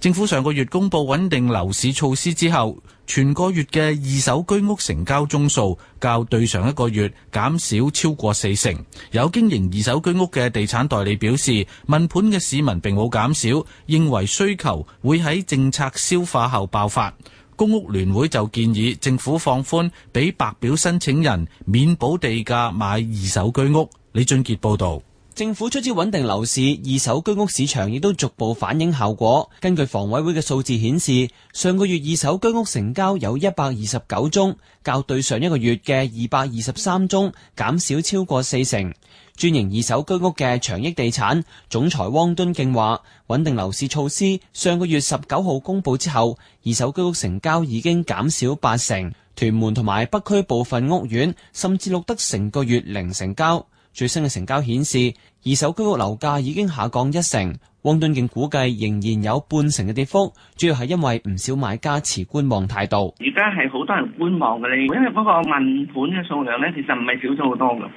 政府上個月公布穩定樓市措施之後，全個月嘅二手居屋成交宗數較對上一個月減少超過四成。有經營二手居屋嘅地產代理表示，問盤嘅市民並冇減少，認為需求會喺政策消化後爆發。公屋聯會就建議政府放寬，俾白表申請人免補地價買二手居屋。李俊傑報道。政府出招穩定樓市，二手居屋市場亦都逐步反映效果。根據房委會嘅數字顯示，上個月二手居屋成交有一百二十九宗，較對上一個月嘅二百二十三宗減少超過四成。專營二手居屋嘅長益地產總裁汪敦敬話，穩定樓市措施上個月十九號公布之後，二手居屋成交已經減少八成，屯門同埋北區部分屋苑甚至錄得成個月零成交。最新嘅成交顯示，二手居屋樓價已經下降一成，汪敦敬估計仍然有半成嘅跌幅，主要係因為唔少買家持觀望態度。而家係好多人觀望嘅咧，因為嗰個問盤嘅數量咧，其實唔係少咗好多嘅。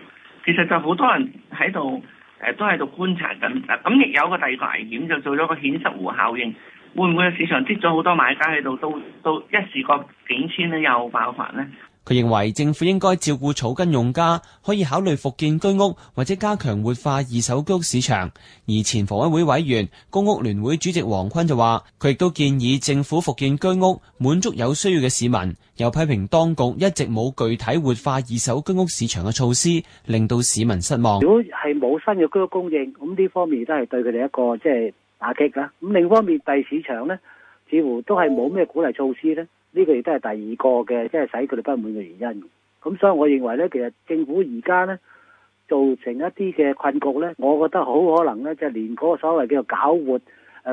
其實就好多人喺度，誒都喺度觀察緊。咁亦有個第二個危險，就做咗個顯失湖效應，會唔會市場跌咗好多買家喺度，都到一時過境遷咧又爆發咧？佢認為政府應該照顧草根用家，可以考慮復建居屋或者加強活化二手居屋市場。而前房委會委員、公屋聯會主席王坤就話，佢亦都建議政府復建居屋，滿足有需要嘅市民。又批評當局一直冇具體活化二手居屋市場嘅措施，令到市民失望。如果係冇新嘅居屋供應，咁呢方面都係對佢哋一個即係打擊啦。咁另一方面，第市場呢，似乎都係冇咩鼓勵措施呢。呢個亦都係第二個嘅，即係使佢哋不滿嘅原因。咁所以，我認為咧，其實政府而家咧造成一啲嘅困局咧，我覺得好可能咧，就係連嗰個所謂叫做搞活誒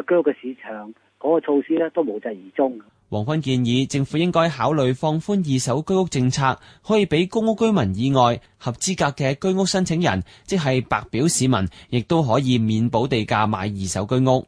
居屋嘅市場嗰個措施咧，都無疾而終。黃坤建議政府應該考慮放寬二手居屋政策，可以俾公屋居民以外合資格嘅居屋申請人，即係白表市民，亦都可以免補地價買二手居屋。